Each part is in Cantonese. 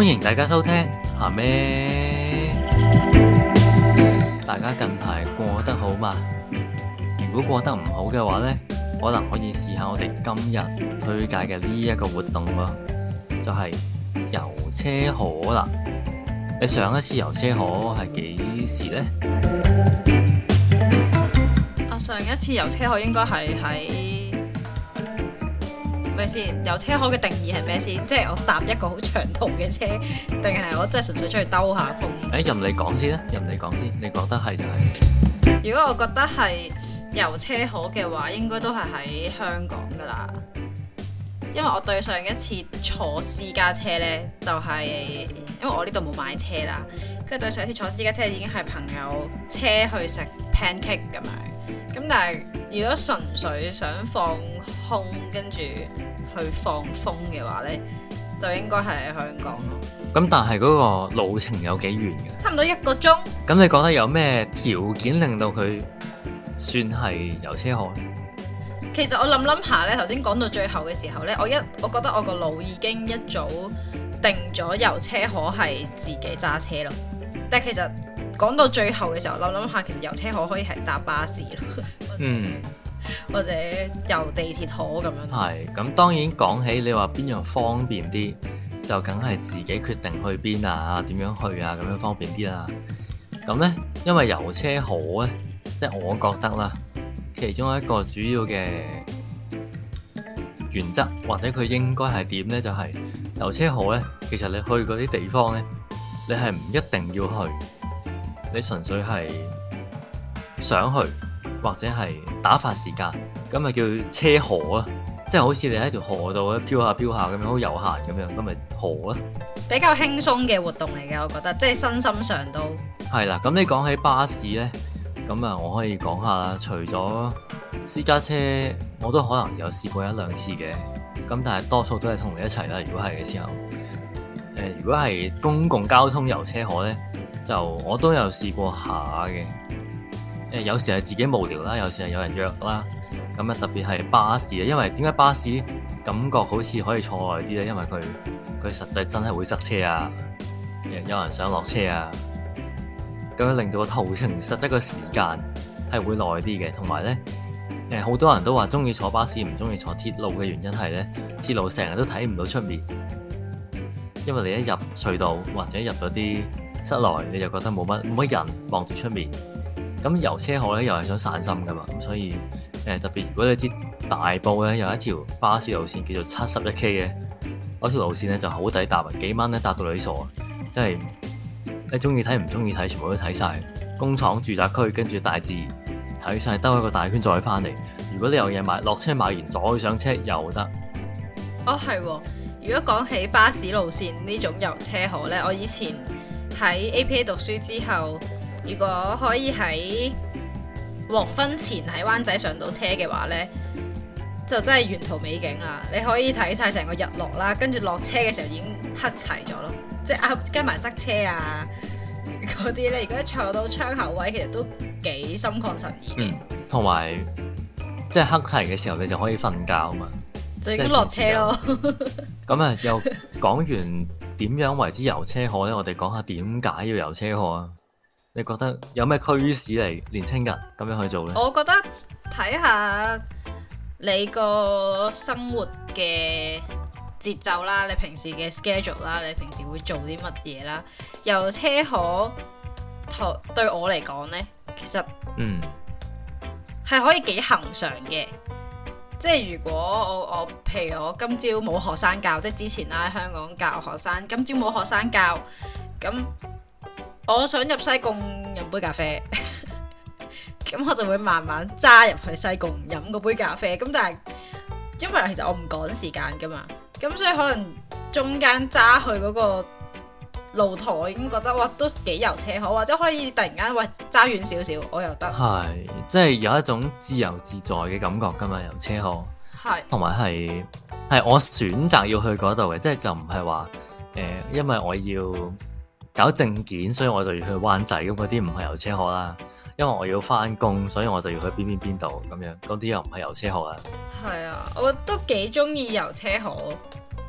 歡迎大家收聽，吓咩、啊？啊、大家近排過得好嗎？如果過得唔好嘅話呢，可能可以試下我哋今日推介嘅呢一個活動喎，就係、是、遊車河啦。你上一次遊車河係幾時呢？上一次遊車河應該係喺係先？遊車河嘅定義係咩先？即係我搭一個好長途嘅車，定係我真係純粹出去兜下風？誒、欸，任你講先啦，任你講先，你覺得係就係。如果我覺得係遊車河嘅話，應該都係喺香港噶啦，因為我對上一次坐私家車呢，就係、是、因為我呢度冇買車啦，跟住對上一次坐私家車已經係朋友車去食 pancake 咁樣，咁但係如果純粹想放空跟住去放風嘅話咧，就應該係香港咯。咁但係嗰個路程有幾遠㗎？差唔多一個鐘。咁你覺得有咩條件令到佢算係遊車河？其實我諗諗下咧，頭先講到最後嘅時候咧，我一，我覺得我個腦已經一早定咗遊車河係自己揸車咯。但係其實講到最後嘅時候，諗諗下其實遊車河可以係搭巴士咯。嗯。或者遊地鐵河咁樣，係咁當然講起，你話邊樣方便啲，就梗係自己決定去邊啊，點樣去啊，咁樣方便啲啦。咁呢，因為遊車河呢，即係我覺得啦，其中一個主要嘅原則或者佢應該係點呢？就係、是、遊車河呢，其實你去嗰啲地方呢，你係唔一定要去，你純粹係想去。或者係打發時間，咁咪叫車河啊！即係好似你喺條河度咧漂下漂下咁樣，好悠閒咁樣，咁咪河啊。比較輕鬆嘅活動嚟嘅，我覺得即係身心上都係啦。咁你講起巴士呢，咁啊我可以講下啦。除咗私家車，我都可能有試過一兩次嘅。咁但係多數都係同你一齊啦。如果係嘅時候，呃、如果係公共交通遊車河呢，就我都有試過下嘅。誒有時係自己無聊啦，有時係有人約啦。咁啊，特別係巴士，因為點解巴士感覺好似可以坐耐啲咧？因為佢佢實際真係會塞車啊，有人想落車啊，咁樣令到個途程實質嘅時間係會耐啲嘅。同埋咧，誒好多人都話中意坐巴士，唔中意坐鐵路嘅原因係咧，鐵路成日都睇唔到出面，因為你一入隧道或者入咗啲室內，你就覺得冇乜冇乜人望住出面。咁遊車河咧，又係想散心噶嘛，咁所以誒、呃、特別如果你，你知大埔咧，有一條巴士路線叫做七十一 K 嘅，嗰條路線咧就好抵搭，幾蚊咧搭到你傻，真係，即係你中意睇唔中意睇，全部都睇晒。工廠、住宅區，跟住大致，睇晒兜一個大圈再翻嚟。如果你有嘢買，落車買完再上車又得。哦，係喎，如果講起巴士路線呢種遊車河咧，我以前喺 APA 讀書之後。如果可以喺黃昏前喺灣仔上到車嘅話呢，就真係沿途美景啦。你可以睇晒成個日落啦，跟住落車嘅時候已經黑齊咗咯，即係啊跟埋塞車啊嗰啲咧。如果坐到窗口位，其實都幾心曠神怡。嗯，同埋即係黑齊嘅時候，你就可以瞓覺嘛，就已經落車咯。咁啊，又講完點樣為之遊車河呢？我哋講下點解要遊車河啊！你覺得有咩驅使嚟年青人咁樣去做呢？我覺得睇下你個生活嘅節奏啦，你平時嘅 schedule 啦，你平時會做啲乜嘢啦？遊車河同對我嚟講呢，其實嗯，係可以幾恒常嘅。即係如果我我譬如我今朝冇學生教，即係之前啦喺香港教學生，今朝冇學生教咁。我想入西貢飲杯咖啡，咁 我就會慢慢揸入去西貢飲嗰杯咖啡。咁但係，因為其實我唔趕時間噶嘛，咁所以可能中間揸去嗰個露台，已經覺得哇都幾遊車河，或者可以突然間喂揸遠少少我又得。係，即係有一種自由自在嘅感覺噶嘛，遊車河，係是。同埋係，係我選擇要去嗰度嘅，即係就唔係話誒，因為我要。搞證件，所以我就要去灣仔。咁嗰啲唔係遊車河啦。因為我要返工，所以我就要去邊邊邊度咁樣，嗰啲又唔係遊車河啊。係啊，我都幾中意遊車河，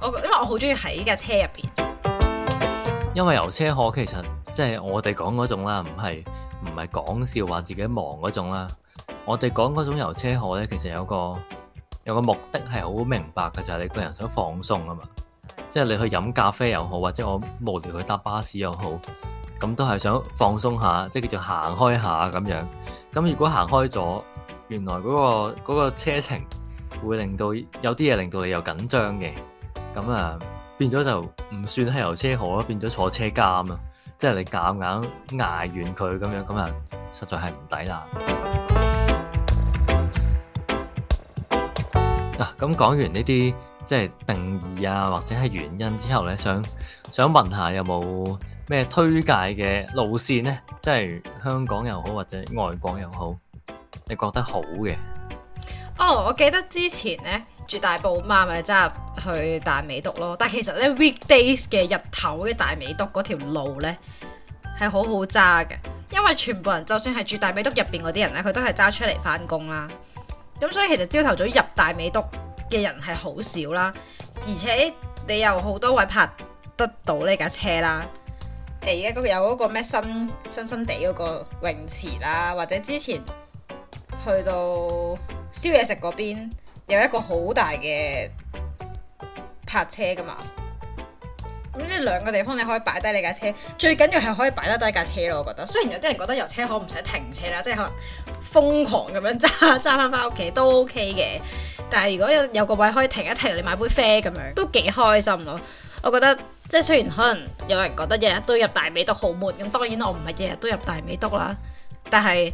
我因為我好中意喺架車入邊。因為遊車河其實即係、就是、我哋講嗰種啦，唔係唔係講笑話自己忙嗰種啦。我哋講嗰種遊車河咧，其實有個有個目的係好明白嘅，就係、是、你個人想放鬆啊嘛。即係你去飲咖啡又好，或者我無聊去搭巴士又好，咁都係想放鬆下，即係叫做行開下咁樣。咁如果行開咗，原來嗰個嗰個車程會令到有啲嘢，令到你又緊張嘅，咁啊變咗就唔算係遊車河咯，變咗坐車監啦。即係你夾硬捱完佢咁樣，咁啊實在係唔抵啦。嗱，咁 講樂、啊、完呢啲。.即係定義啊，或者係原因之後呢，想想問下有冇咩推介嘅路線呢？即係香港又好，或者外國又好，你覺得好嘅？哦，oh，我記得之前呢，住大埔嘛咪揸去大美督咯，但係其實呢 Weekdays 嘅日頭嘅大美督嗰條路呢，係好好揸嘅，因為全部人就算係住大美督入邊嗰啲人呢，佢都係揸出嚟翻工啦。咁所以其實朝頭早入大美督。嘅人係好少啦，而且你又好多位泊得到呢架車啦。誒，而家有嗰個咩新新新地嗰個泳池啦，或者之前去到宵夜食嗰邊有一個好大嘅泊車噶嘛。咁呢兩個地方你可以擺低你架車，最緊要係可以擺得低架車咯。我覺得，雖然有啲人覺得遊車河唔使停車啦，即係可能瘋狂咁樣揸揸翻翻屋企都 OK 嘅。但係如果有有個位可以停一停，你買杯啡咁樣都幾開心咯。我覺得即係雖然可能有人覺得日日都入大尾督好悶，咁當然我唔係日日都入大尾督啦。但係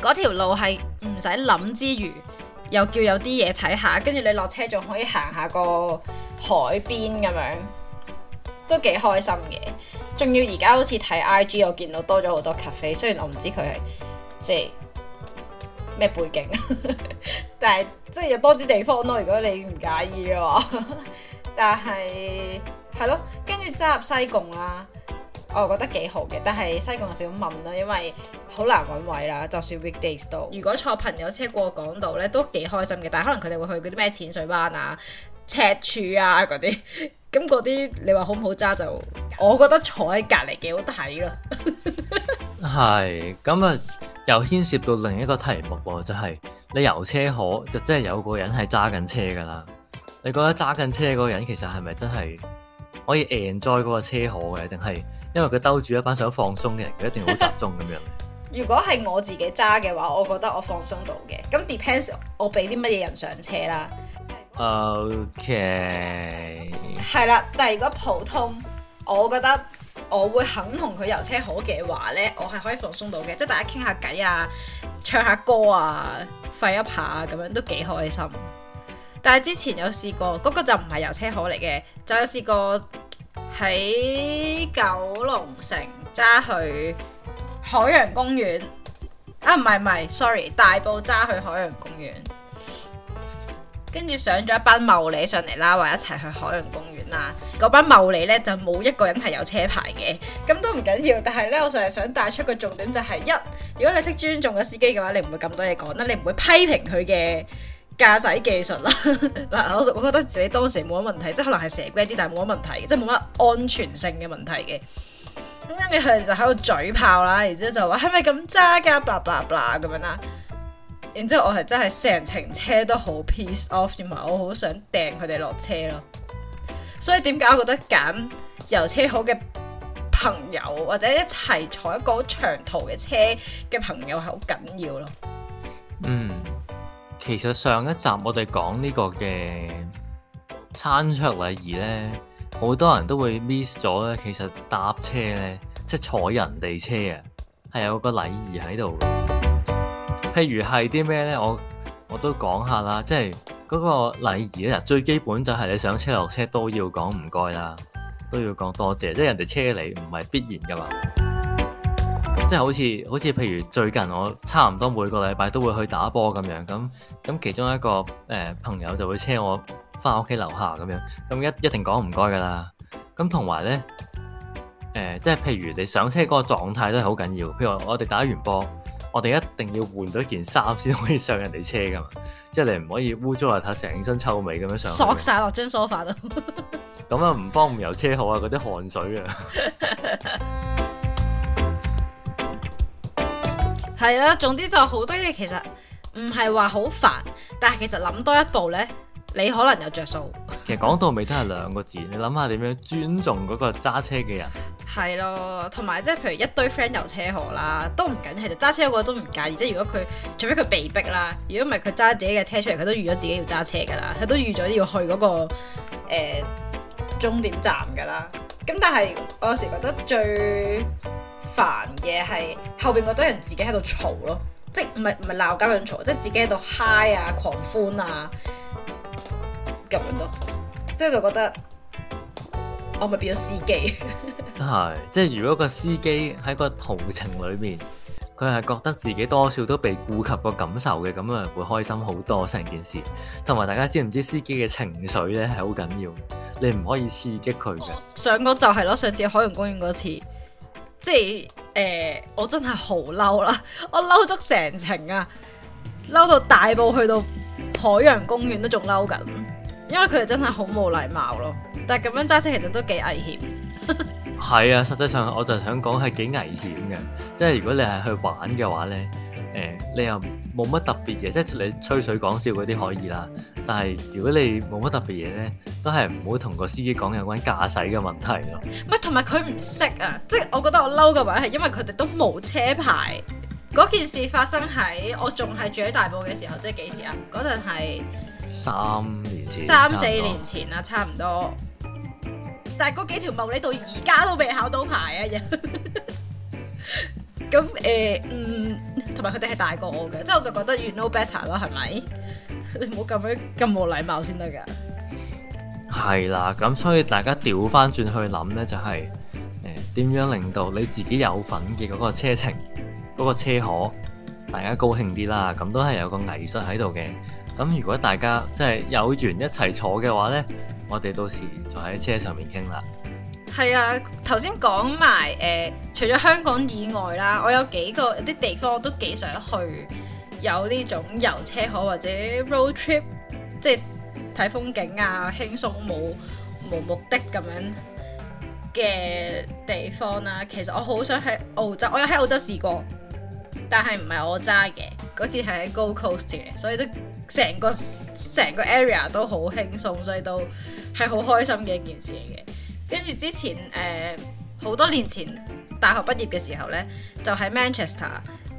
嗰條路係唔使諗之餘，又叫有啲嘢睇下，跟住你落車仲可以行下個海邊咁樣，都幾開心嘅。仲要而家好似睇 IG，我見到多咗好多咖啡，f 雖然我唔知佢係即係。咩背景啊？ 但係即係有多啲地方咯，如果你唔介意嘅話， 但係係咯，跟住揸入西貢啦，我又覺得幾好嘅。但係西貢我少少問啦，因為好難揾位啦。就算 weekdays 都，如果坐朋友車過港島呢，都幾開心嘅。但係可能佢哋會去嗰啲咩淺水灣啊、赤柱啊嗰啲，咁嗰啲你話好唔好揸？就我覺得坐喺隔籬幾好睇咯。係咁啊！又牽涉到另一個題目喎，就係你遊車河就真係有個人係揸緊車㗎啦。你覺得揸緊車嗰個人其實係咪真係可以 enjoy 嗰個車河嘅，定係因為佢兜住一班想放鬆嘅人，佢一定好集中咁樣？ 如果係我自己揸嘅話，我覺得我放鬆到嘅。咁 depends 我俾啲乜嘢人上車啦。OK。係啦，但係如果普通，我覺得。我會肯同佢遊車河嘅話咧，我係可以放鬆到嘅，即係大家傾下偈啊，唱下歌啊，吠一下咁、啊、樣都幾開心。但係之前有試過，嗰、那個就唔係遊車河嚟嘅，就有試過喺九龍城揸去海洋公園。啊，唔係唔係，sorry，大埔揸去海洋公園，跟住上咗一班茂利上嚟啦，話一齊去海洋公園。嗰班茂利咧就冇一個人係有車牌嘅，咁都唔緊要。但係咧，我成日想帶出個重點就係一，如果你識尊重個司機嘅話，你唔會咁多嘢講啦，你唔會批評佢嘅駕駛技術啦。嗱，我我覺得自己當時冇乜問題，即係可能係蛇 g 啲，但係冇乜問題，即係冇乜安全性嘅問題嘅。咁樣佢哋就喺度嘴炮啦，然之後就話係咪咁揸噶？blah blah blah 咁樣啦。然之後我係真係成程車都好 peace off，同埋我好想掟佢哋落車咯。所以點解我覺得揀遊車河嘅朋友，或者一齊坐一個長途嘅車嘅朋友係好緊要咯。嗯，其實上一集我哋講呢個嘅餐桌禮儀咧，好多人都會 miss 咗咧。其實搭車咧，即係坐人哋車啊，係有個禮儀喺度。譬如係啲咩咧？我我都講下啦，即係。嗰個禮儀咧，最基本就係你上車落車都要講唔該啦，都要講多謝，即係人哋車你唔係必然㗎嘛。即係好似好似譬如最近我差唔多每個禮拜都會去打波咁樣，咁咁其中一個誒、呃、朋友就會車我返屋企樓下咁樣，咁一一定講唔該㗎喇。咁同埋咧誒，即係譬如你上車嗰個狀態都係好緊要，譬如我哋打完波。我哋一定要換咗件衫先可以上人哋車噶嘛即係你唔可以污糟邋遢成身臭味咁樣上去。索晒落張梳化咯。咁啊，唔幫唔油車好啊，嗰啲汗水啊。係啦，總之就好多嘢其實唔係話好煩，但係其實諗多一步咧，你可能有着數。其實講到尾都係兩個字，你諗下點樣尊重嗰個揸車嘅人。係咯，同埋即係譬如一堆 friend 遊車河啦，都唔緊要，就揸車嗰個都唔介意。即係如果佢，除非佢被逼啦，如果唔係佢揸自己嘅車出嚟，佢都預咗自己要揸車噶啦，佢都預咗要去嗰個誒終點站噶啦。咁但係我有時覺得最煩嘅係後邊嗰堆人自己喺度嘈咯，即係唔係唔係鬧交咁嘈，即係自己喺度嗨啊、狂歡啊咁樣咯，即係就覺得我咪變咗司機。 係，即係如果個司機喺個途程裏面，佢係覺得自己多少都被顧及個感受嘅，咁啊會開心好多成件事。同埋大家知唔知司機嘅情緒呢係好緊要，你唔可以刺激佢嘅。上個就係咯，上次海洋公園嗰次，即係誒、呃，我真係好嬲，啦，我嬲足成程啊，嬲到大埔去到海洋公園都仲嬲緊。嗯因為佢哋真係好冇禮貌咯，但係咁樣揸車其實都幾危險。係 啊，實際上我就想講係幾危險嘅，即係如果你係去玩嘅話呢，誒、呃，你又冇乜特別嘅，即係你吹水講笑嗰啲可以啦。但係如果你冇乜特別嘢呢，都係唔好同個司機講有關駕駛嘅問題咯。唔係，同埋佢唔識啊，即係我覺得我嬲嘅話係因為佢哋都冇車牌。嗰件事發生喺我仲係住喺大埔嘅時候，即係幾時啊？嗰陣係。三年前，三四年前啦，差唔多，多。但係嗰幾條茂利到而家都未考到牌啊！咁 誒、呃，嗯，同埋佢哋係大過我嘅，即係 我就覺得，you know better 啦，係咪？ 你唔好咁樣咁冇禮貌先得噶。係啦，咁所以大家調翻轉去諗咧，就係誒，點樣令到你自己有份嘅嗰個車程，嗰、那個車河大家高興啲啦。咁都係有個藝術喺度嘅。咁如果大家真係有緣一齊坐嘅話呢，我哋到時就喺車上面傾啦。係啊，頭先講埋誒，除咗香港以外啦，我有幾個啲地方我都幾想去，有呢種遊車河或者 road trip，即係睇風景啊，輕鬆冇冇目的咁樣嘅地方啦、啊。其實我好想喺澳洲，我有喺澳洲試過，但係唔係我揸嘅，嗰次係喺 Gold Coast 嘅，所以都～成個成個 area 都好輕鬆，所以都係好開心嘅一件事嚟嘅。跟住之前誒呃、好多年前大學畢業嘅時候呢，就喺 Manchester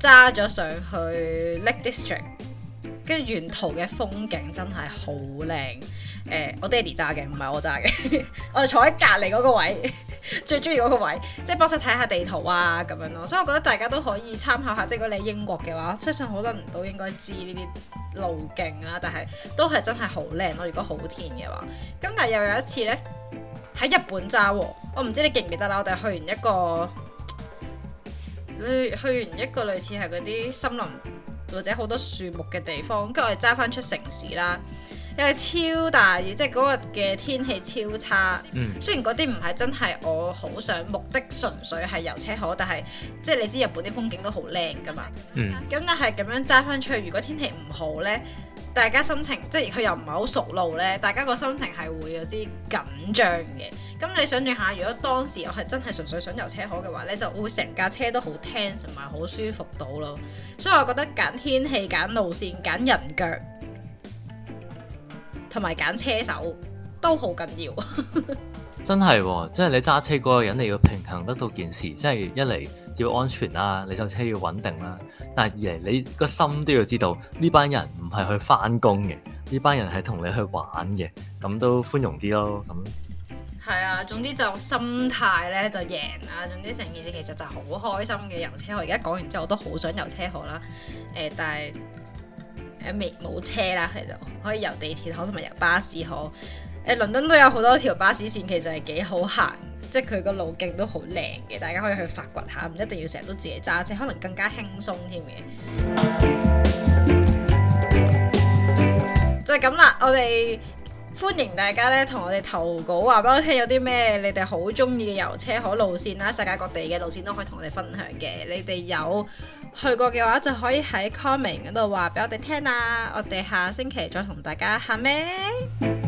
揸咗上去 Lake District，跟住沿途嘅風景真係好靚。誒、呃，我爹哋揸嘅，唔係我揸嘅， 我就坐喺隔離嗰個位。最中意嗰個位，即係幫手睇下地圖啊，咁樣咯。所以我覺得大家都可以參考下。即係如果你英國嘅話，相信好多人都應該知呢啲路徑啦。但係都係真係好靚咯。如果好天嘅話，咁但係又有一次呢，喺日本揸喎、喔。我唔知你記唔記得啦。我哋去完一個類，去完一個類似係嗰啲森林或者好多樹木嘅地方，跟住我哋揸返出城市啦。因為超大雨，即係嗰日嘅天氣超差。嗯、雖然嗰啲唔係真係我好想目的，純粹係遊車河，但係即係你知日本啲風景都好靚噶嘛。咁、嗯、但係咁樣揸翻出去，如果天氣唔好呢，大家心情即係佢又唔係好熟路呢，大家個心情係會有啲緊張嘅。咁你想象下，如果當時我係真係純粹想遊車河嘅話呢就會成架車都好 tense，好舒服到咯。所以我覺得揀天氣、揀路線、揀人腳。同埋揀車手都好緊要， 真係、哦，即係你揸車嗰個人你要平衡得到件事，即係一嚟要安全啦、啊，你部車要穩定啦、啊，但係二嚟你個心都要知道呢班人唔係去返工嘅，呢班人係同你去玩嘅，咁都寬容啲咯。咁係啊，總之就心態咧就贏啦，總之成件事其實就好開心嘅遊車河。我而家講完之後，我都好想遊車河啦。誒、呃，但係。誒未冇車啦，佢就可以遊地鐵河同埋遊巴士河。誒、欸，倫敦都有好多條巴士線，其實係幾好行，即係佢個路徑都好靚嘅，大家可以去發掘下，唔一定要成日都自己揸車，可能更加輕鬆添嘅。 就係咁啦，我哋。歡迎大家咧，同我哋投稿話俾我聽，有啲咩你哋好中意嘅遊車河路線啦，世界各地嘅路線都可以同我哋分享嘅。你哋有去過嘅話，就可以喺 comment 嗰度話俾我哋聽啦。我哋下星期再同大家喊咩？